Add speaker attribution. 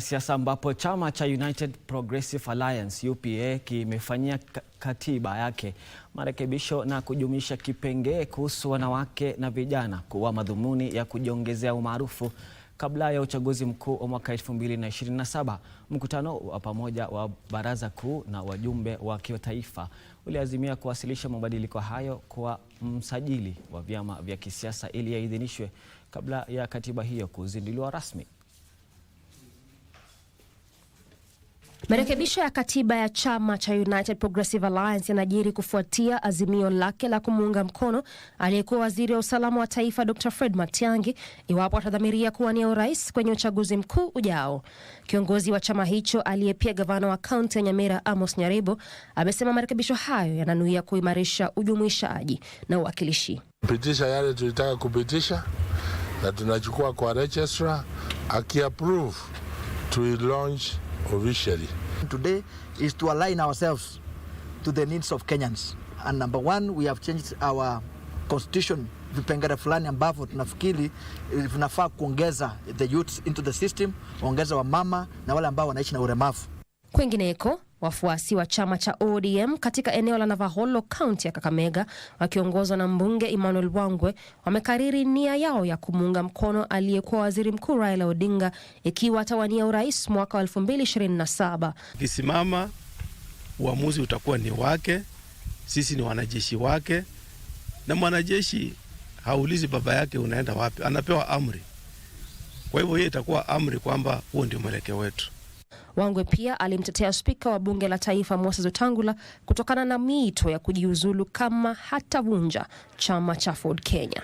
Speaker 1: Siasa ambapo chama cha United Progressive Alliance UPA kimefanyia katiba yake marekebisho na kujumuisha kipengee kuhusu wanawake na vijana kuwa madhumuni ya kujiongezea umaarufu kabla ya uchaguzi mkuu wa mwaka 2027. Mkutano wa pamoja wa baraza kuu na wajumbe wa kitaifa uliazimia kuwasilisha mabadiliko hayo kwa msajili wa vyama vya kisiasa ili yaidhinishwe kabla ya katiba hiyo kuzinduliwa rasmi.
Speaker 2: Marekebisho ya katiba ya chama cha United Progressive Alliance yanajiri kufuatia azimio lake la kumuunga mkono aliyekuwa waziri wa usalama wa taifa Dr Fred Matiang'i iwapo atadhamiria kuwania urais kwenye uchaguzi mkuu ujao. Kiongozi wa chama hicho aliyepia gavana wa kaunti ya Nyamira Amos Nyaribo amesema marekebisho hayo yananuia kuimarisha ujumuishaji na uwakilishi,
Speaker 3: pitisha yale tulitaka kupitisha na tunachukua kwa registrar akiapprove to launch officially.
Speaker 4: Today is to align ourselves to the needs of Kenyans. And number one, we have changed our constitution vipengele fulani ambavyo tunafikiri eh, vinafaa kuongeza the youth into the system, waongeza wamama na wale ambao wanaishi na ulemavu.
Speaker 2: Kwingineko, Wafuasi wa chama cha ODM katika eneo la Navaholo, kaunti ya Kakamega, wakiongozwa na mbunge Emmanuel Wangwe wamekariri nia yao ya kumuunga mkono aliyekuwa waziri mkuu Raila Odinga ikiwa atawania urais mwaka wa 2027.
Speaker 5: Kisimama, uamuzi utakuwa ni wake. Sisi ni wanajeshi wake, na mwanajeshi haulizi baba yake unaenda wapi, anapewa amri. Kwa hivyo, hiyo itakuwa amri kwamba huo ndio mwelekeo wetu.
Speaker 2: Wangwe pia alimtetea spika wa bunge la taifa Moses Wetangula kutokana na miito ya kujiuzulu kama hatavunja chama cha Ford Kenya.